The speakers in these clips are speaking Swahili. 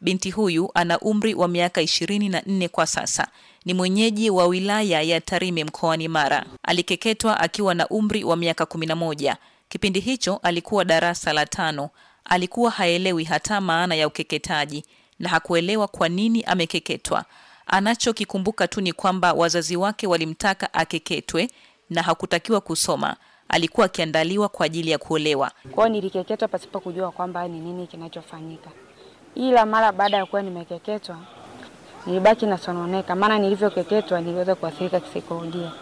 Binti huyu ana umri wa miaka ishirini na nne kwa sasa. Ni mwenyeji wa wilaya ya Tarime mkoani Mara. Alikeketwa akiwa na umri wa miaka kumi na moja. Kipindi hicho alikuwa darasa la tano. Alikuwa haelewi hata maana ya ukeketaji na hakuelewa kwa nini amekeketwa. Anachokikumbuka tu ni kwamba wazazi wake walimtaka akeketwe na hakutakiwa kusoma. Alikuwa akiandaliwa kwa ajili ya kuolewa. Kwao nilikeketwa pasipo kujua kwamba ni nini kinachofanyika ila mara baada ya kuwa nimekeketwa nilibaki nasononeka, maana nilivyokeketwa niliweza kuathirika kisaikolojia.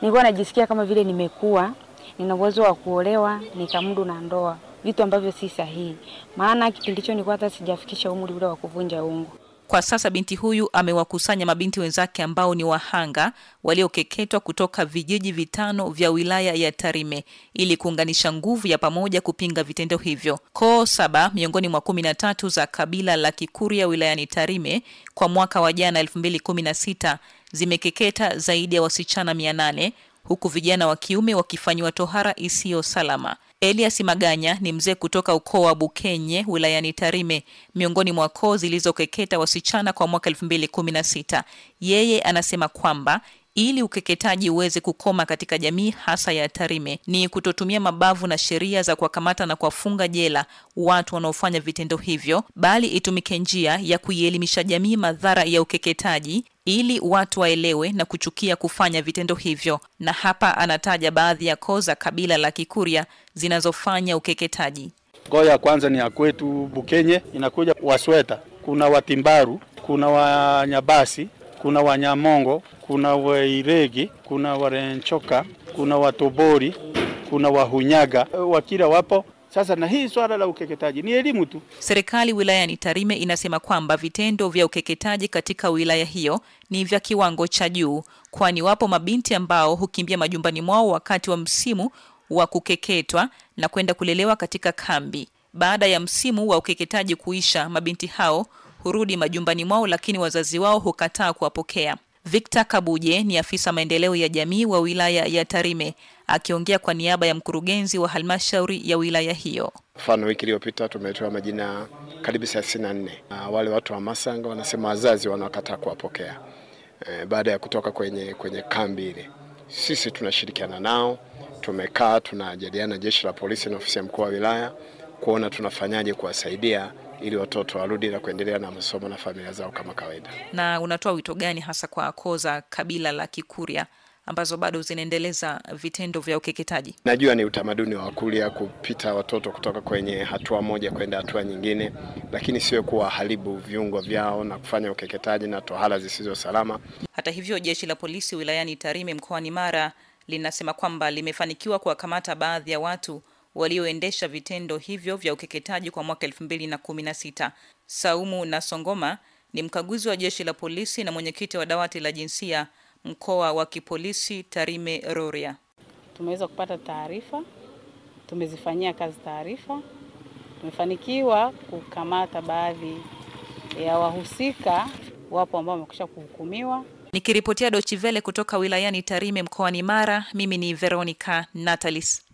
Nilikuwa najisikia kama vile nimekuwa nina uwezo wa kuolewa nikamdu na ndoa, vitu ambavyo si sahihi, maana kipindi hicho nilikuwa hata sijafikisha umri ule wa kuvunja ungo. Kwa sasa binti huyu amewakusanya mabinti wenzake ambao ni wahanga waliokeketwa kutoka vijiji vitano vya wilaya ya Tarime ili kuunganisha nguvu ya pamoja kupinga vitendo hivyo. Koo saba miongoni mwa kumi na tatu za kabila la Kikuria wilayani Tarime kwa mwaka wa jana 216 zimekeketa zaidi ya wasichana mia nane huku vijana wa kiume wakifanyiwa tohara isiyo salama. Elias Maganya ni mzee kutoka ukoo wa Bukenye wilayani Tarime, miongoni mwa koo zilizokeketa wasichana kwa mwaka 216 Yeye anasema kwamba ili ukeketaji uweze kukoma katika jamii hasa ya Tarime ni kutotumia mabavu na sheria za kuwakamata na kuwafunga jela watu wanaofanya vitendo hivyo, bali itumike njia ya kuielimisha jamii madhara ya ukeketaji ili watu waelewe na kuchukia kufanya vitendo hivyo. Na hapa anataja baadhi ya koo za kabila la Kikuria zinazofanya ukeketaji. Koo ya kwanza ni ya kwetu Bukenye, inakuja Wasweta, kuna Watimbaru, kuna Wanyabasi, kuna Wanyamongo, kuna Wairegi, kuna Warenchoka, kuna Watobori, kuna Wahunyaga, eh, Wakira wapo. Sasa na hii swala la ukeketaji ni elimu tu. Serikali wilayani Tarime inasema kwamba vitendo vya ukeketaji katika wilaya hiyo ni vya kiwango cha juu, kwani wapo mabinti ambao hukimbia majumbani mwao wakati wa msimu wa kukeketwa na kwenda kulelewa katika kambi. Baada ya msimu wa ukeketaji kuisha, mabinti hao kurudi majumbani mwao, lakini wazazi wao hukataa kuwapokea. Victor Kabuje ni afisa maendeleo ya jamii wa wilaya ya Tarime akiongea kwa niaba ya mkurugenzi wa halmashauri ya wilaya hiyo. Mfano, wiki iliyopita tumetoa majina karibu thelathini na ah, wale watu wa Masanga wanasema wazazi wanaokataa kuwapokea e, baada ya kutoka kwenye, kwenye kambi ile. Sisi tunashirikiana nao, tumekaa tunajadiliana jeshi la polisi na ofisi ya mkuu wa wilaya kuona tunafanyaje kuwasaidia ili watoto warudi na kuendelea na masomo na familia zao kama kawaida. Na unatoa wito gani hasa kwa koo za kabila la Kikurya ambazo bado zinaendeleza vitendo vya ukeketaji? Najua ni utamaduni wa Wakurya kupita watoto kutoka kwenye hatua moja kwenda hatua nyingine, lakini sio kuwaharibu viungo vyao na kufanya ukeketaji na tohara zisizo salama. Hata hivyo, jeshi la polisi wilayani Tarime mkoani Mara linasema kwamba limefanikiwa kuwakamata baadhi ya watu walioendesha vitendo hivyo vya ukeketaji kwa mwaka sita Saumu na Songoma ni mkaguzi wa jeshi la polisi na mwenyekiti wa dawati la jinsia mkoa wa kipolisi Tarime roria Tumeweza kupata taarifa, tumezifanyia kazi taarifa, tumefanikiwa kukamata baadhi ya wahusika, wapo ambao wamekusha kuhukumiwa. Nikiripotia Dochivele kutoka wilayani Tarime mkoani Mara, mimi ni Veronica Natalis.